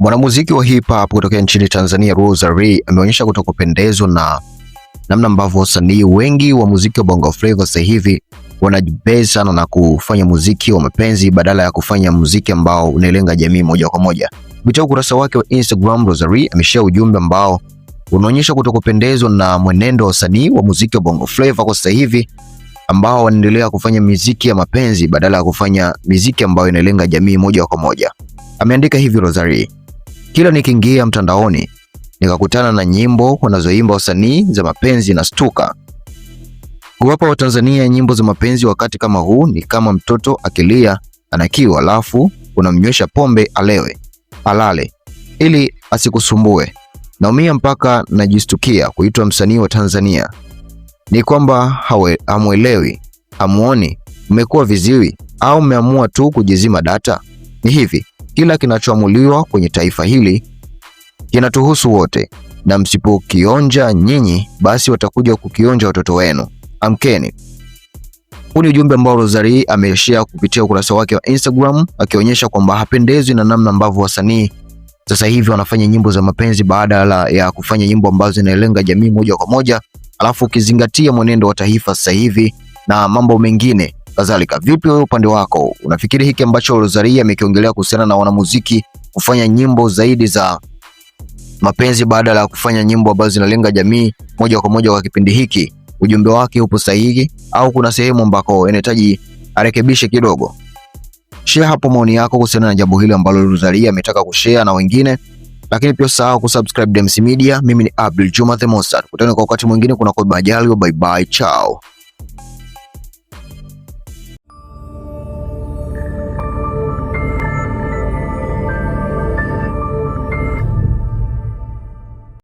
Mwanamuziki wa hip hop kutokea nchini Tanzania Rosary ameonyesha kutokupendezwa na namna ambavyo wasanii wengi wa muziki wa Bongo Flava sasa hivi wanajibeza sana na kufanya muziki wa mapenzi badala ya kufanya muziki ambao unalenga jamii moja kwa moja. Kupitia ukurasa wake wa Instagram, Rosary ameshare ujumbe ambao unaonyesha kutokupendezwa na mwenendo wa wasanii wa muziki wa Bongo Flava kwa sasa hivi ambao wanaendelea kufanya miziki ya mapenzi badala ya kufanya miziki ambayo inalenga jamii moja kwa moja. Ameandika hivi Rosary: kila nikiingia mtandaoni nikakutana na nyimbo wanazoimba wasanii za mapenzi na stuka. Kuwapa Watanzania nyimbo za mapenzi wakati kama huu ni kama mtoto akilia anakiwa, alafu unamnywesha pombe alewe alale ili asikusumbue. Naumia mpaka najistukia kuitwa msanii wa Tanzania. Ni kwamba hamwelewi, hamuoni? Mmekuwa viziwi au mmeamua tu kujizima data? Ni hivi, kila kinachoamuliwa kwenye taifa hili kinatuhusu wote, na msipokionja nyinyi, basi watakuja kukionja watoto wenu. Amkeni. Huu ni ujumbe ambao rosari ameishia kupitia ukurasa wake wa Instagram, akionyesha kwamba hapendezwi na namna ambavyo wasanii sasa hivi wanafanya nyimbo za mapenzi badala ya kufanya nyimbo ambazo zinalenga jamii moja kwa moja, alafu ukizingatia mwenendo wa taifa sasa hivi na mambo mengine Kadhalika, vipi wewe upande wako unafikiri hiki ambacho Rosaria amekiongelea kuhusiana na wanamuziki kufanya nyimbo zaidi za mapenzi badala ya kufanya nyimbo ambazo zinalenga jamii moja kwa moja kwa kipindi hiki, ujumbe wake upo sahihi au kuna sehemu ambako inahitaji arekebishe kidogo? Share hapo maoni yako kuhusiana na jambo hilo ambalo Rosaria ametaka kushare na wengine, lakini pia usahau kusubscribe Dems Media. Mimi ni Abdul Juma the Mostar, kutana kwa wakati mwingine, kuna kwa Bye bye, chao.